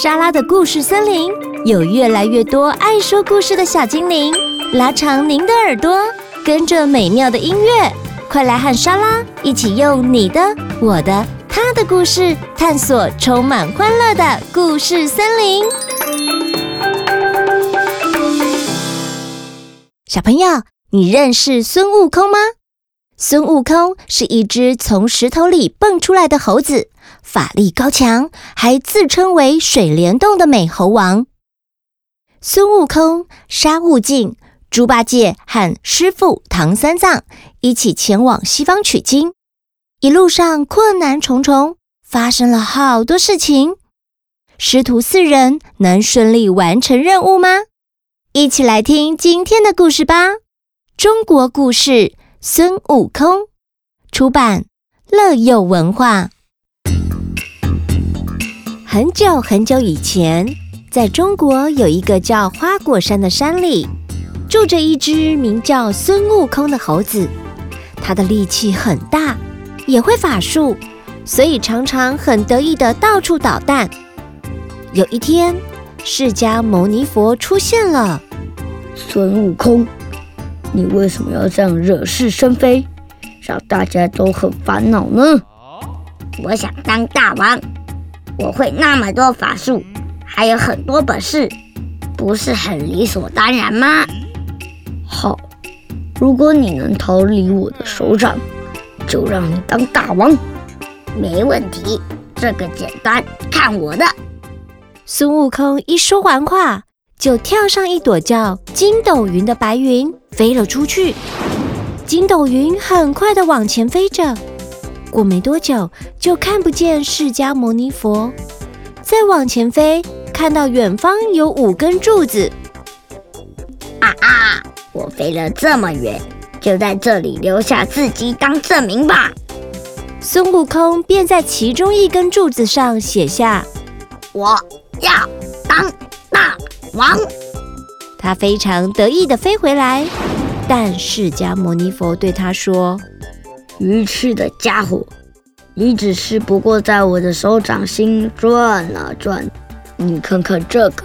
莎拉的故事森林有越來越多愛說故事的小精靈，拉長您的耳朵，跟着美妙的音樂，快來和莎拉一起用你的、我的、他的故事，探索充滿歡樂的故事森林。小朋友，你認識孫悟空嗎？孫悟空是一隻從石頭裡蹦出來的猴子。法力高強，還自稱為水簾洞的美猴王。孫悟空、沙悟淨、豬八戒和師父唐三藏一起前往西方取經，一路上困難重重，發生了好多事情。師徒四人能順利完成任務嗎？一起來聽今天的故事吧。中國故事《孫悟空》，出版，樂友文化。很久很久以前，在中國有一個叫花果山的山裡，住着一隻名叫孫悟空的猴子。他的力氣很大，也會法術，所以常常很得意的到處搗蛋。有一天，釋迦牟尼佛出現了：“孫悟空，你為什麼要這樣惹是生非，讓大家都很煩惱呢？”“我想當大王。”我會那麼多法術，還有很多本事，不是很理所當然嗎？好，如果你能逃離我的手掌，就讓你當大王。沒問題，這個簡單，看我的！孫悟空一說完話，就跳上一朵叫筋斗雲的白雲，飛了出去。筋斗雲很快地往前飛着。過沒多久，就看不見釋迦牟尼佛。再往前飛，看到遠方有五根柱子。啊啊！我飛了這麼遠，就在這裡留下自己當證明吧。孫悟空便在其中一根柱子上寫下：“我要當大王。”他非常得意地飛回來，但釋迦牟尼佛對他說。愚癡的傢伙，你只是不過在我的手掌心轉啊轉。你看看這個，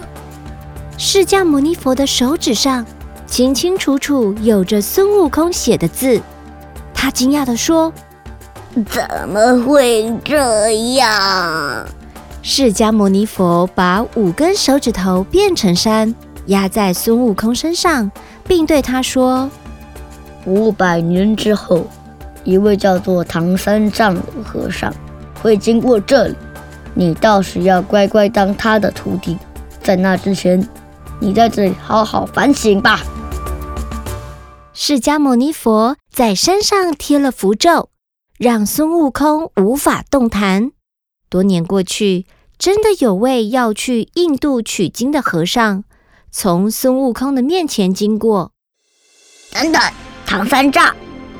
釋迦牟尼佛的手指上清清楚楚，有着孫悟空寫的字。他驚訝地說：“怎麼會這樣？”釋迦牟尼佛把五根手指頭變成山，壓在孫悟空身上，並對他說：“五百年之後。”一位叫做唐三藏的和尚會經過這裡，你倒是要乖乖當他的徒弟。在那之前，你在這裡好好反省吧。釋迦牟尼佛在山上貼了符咒，讓孫悟空無法動彈。多年過去，真的有位要去印度取經的和尚從孫悟空的面前經過。等等，唐三藏。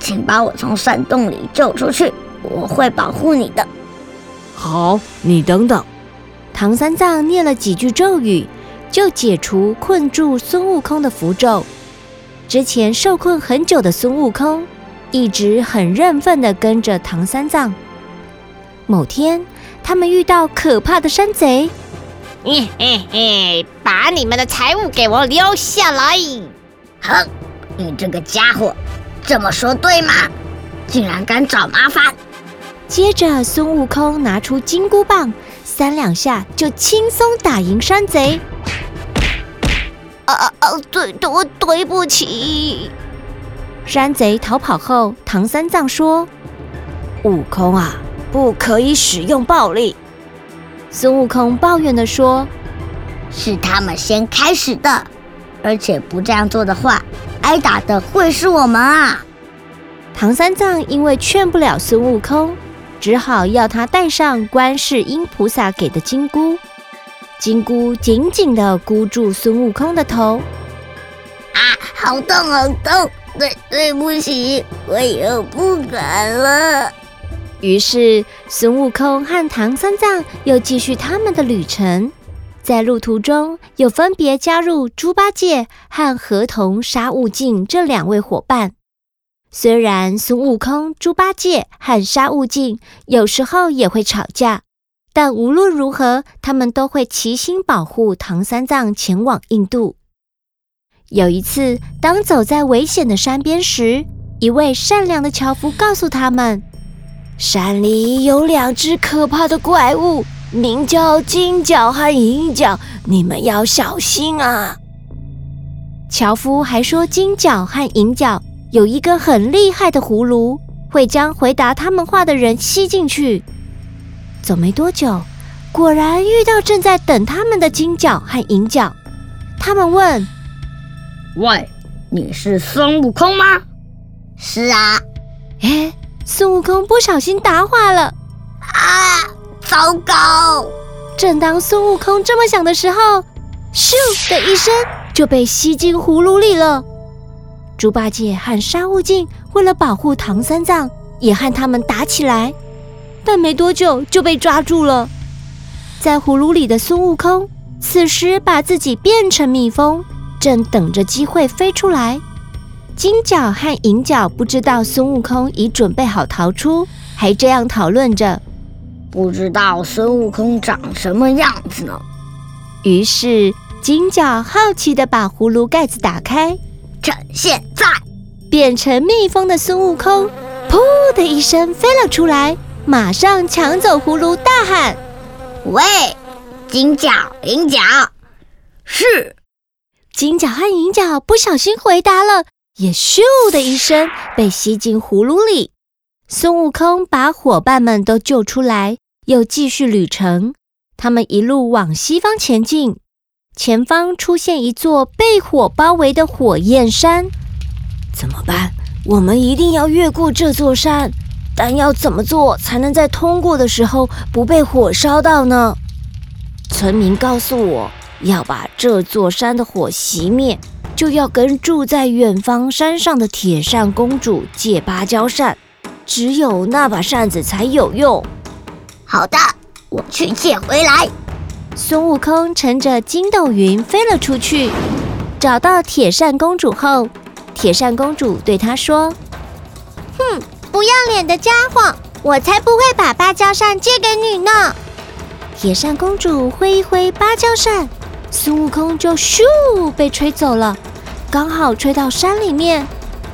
請把我從山洞裡救出去，我會保護你的。好，你等等。唐三藏念了幾句咒語，就解除困住孫悟空的符咒。之前受困很久的孫悟空，一直很認份地跟着唐三藏。某天，他們遇到可怕的山賊，嘿嘿嘿，把你們的財物給我留下來！哼，你這個家伙。這麼說對嗎？竟然敢找麻煩！接着，孫悟空拿出金箍棒，三兩下就輕鬆打贏山賊。啊啊啊！對、啊、對，對不起。山賊逃跑後，唐三藏說：“悟空啊，不可以使用暴力。”孫悟空抱怨地說：“是他們先開始的，而且不這樣做的話。”挨打的會是我們啊！唐三藏因為勸不了孫悟空，只好要他戴上觀世音菩薩給的金箍。金箍緊緊的箍住孫悟空的頭，啊，好痛，好痛！對，對不起，我以後不敢了。於是，孫悟空和唐三藏又繼續他們的旅程。在路途中，又分別加入豬八戒和河童沙悟淨這兩位夥伴。雖然孫悟空、豬八戒和沙悟淨有時候也會吵架，但無論如何，他們都會齊心保護唐三藏前往印度。有一次，當走在危險的山邊時，一位善良的樵夫告訴他們，山裡有兩隻可怕的怪物。名叫金角和銀角，你們要小心啊！樵夫還說，金角和銀角有一個很厲害的葫蘆，會將回答他們話的人吸進去。走沒多久，果然遇到正在等他們的金角和銀角。他們問：“喂，你是孫悟空嗎？”“是啊。誒”“誒，孫悟空不小心答話了。”“啊！”糟糕！正當孫悟空這麼想的時候，咻的一聲就被吸進葫蘆裡了。豬八戒和沙悟淨為了保護唐三藏，也和他們打起來，但沒多久就被抓住了。在葫蘆裡的孫悟空，此時把自己變成蜜蜂，正等着機會飛出來。金角和銀角不知道孫悟空已準備好逃出，還這樣討論着。不知道孫悟空長什麼樣子呢？於是金角好奇的把葫蘆蓋子打開，趁現在，變成蜜蜂的孫悟空“噗”的一聲飛了出來，馬上搶走葫蘆，大喊：“喂，金角、銀角！”“是！”金角和銀角不小心回答了，也“咻”的一聲被吸進葫蘆裡。孫悟空把夥伴們都救出來。又繼續旅程，他們一路往西方前進，前方出現一座被火包圍的火焰山。怎麼辦？我們一定要越過這座山，但要怎麼做才能在通過的時候不被火燒到呢？村民告訴我，要把這座山的火熄滅，就要跟住在遠方山上的鐵扇公主借芭蕉扇，只有那把扇子才有用。好的，我去借回來。孫悟空乘着筋斗雲飛了出去，找到鐵扇公主後，鐵扇公主對他說：“哼，不要臉的家伙，我才不會把芭蕉扇借給你呢！”鐵扇公主揮一揮芭蕉扇，孫悟空就咻，被吹走了，剛好吹到山裡面，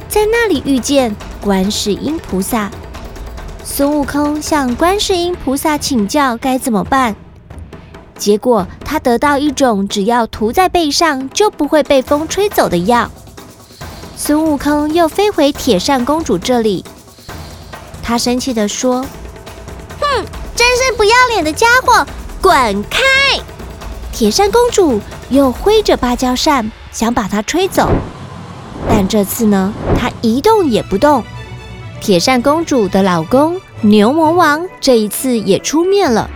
在那裡遇見觀世音菩薩。孫悟空向觀世音菩薩請教該怎麼辦，結果他得到一種只要塗在背上就不會被風吹走的藥。孫悟空又飛回鐵扇公主這裡，他生氣地說：“哼，真是不要臉的家伙，滾開！”鐵扇公主又揮着芭蕉扇想把他吹走，但這次呢，他一動也不動。鐵扇公主的老公牛魔王這一次也出面了。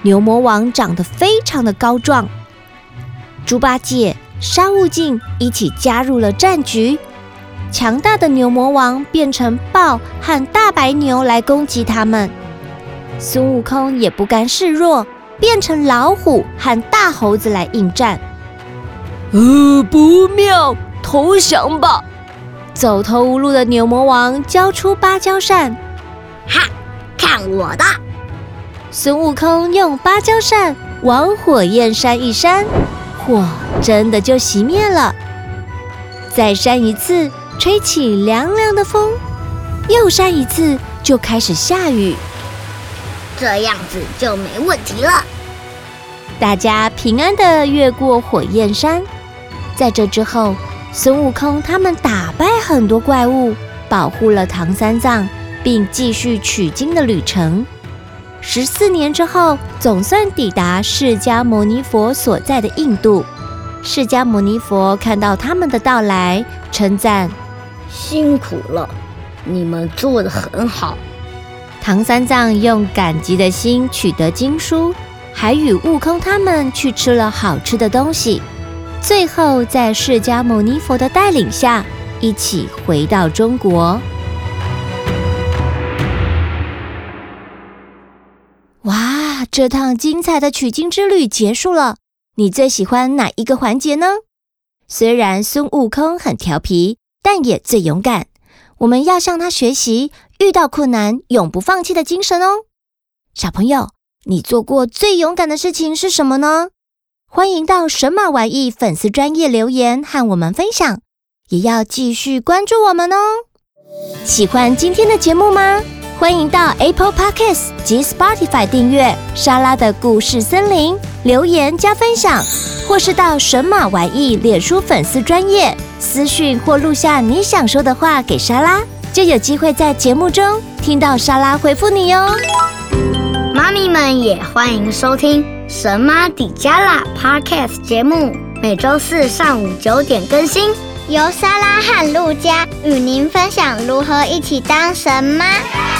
牛魔王長得非常的高壯，豬八戒、沙悟淨一起加入了戰局。強大的牛魔王變成豹和大白牛來攻擊他們，孫悟空也不甘示弱，變成老虎和大猴子來應戰。呃，不妙，投降吧。走投無路的牛魔王交出芭蕉扇，哈，看我的！孫悟空用芭蕉扇往火焰山一扇，火真的就熄滅了。再扇一次，吹起涼涼的風；又扇一次，就開始下雨。這樣子就沒問題了，大家平安的越過火焰山。在這之後，孫悟空他們打敗很多怪物，保護了唐三藏，並繼續取經的旅程。十四年之後，總算抵達釋迦牟尼佛所在的印度。釋迦牟尼佛看到他們的到來，稱讚：“辛苦了，你們做得很好。”唐三藏用感激的心取得經書，還與悟空他們去吃了好吃的東西。最後在釋迦牟尼佛的帶領下，一起回到中國。哇，這趟精彩的取經之旅結束了。你最喜歡哪一個環節呢？雖然孫悟空很調皮，但也最勇敢。我們要向他學習，遇到困難永不放棄的精神哦。小朋友，你做過最勇敢的事情是什麼呢？歡迎到神馬玩藝粉絲專頁留言和我們分享，也要繼續關注我們哦。喜歡今天的節目嗎？歡迎到 Apple Podcast 及 Spotify 訂閱莎拉的故事森林留言加分享，或是到神馬玩藝臉書粉絲專頁私訊或錄下你想說的話給莎拉，就有機會在節目中聽到莎拉回復你喲。媽咪們也歡迎收聽《神媽底加拉》Podcast 節目，每周四上午九點更新，由莎拉和路加與您分享如何一起當神媽。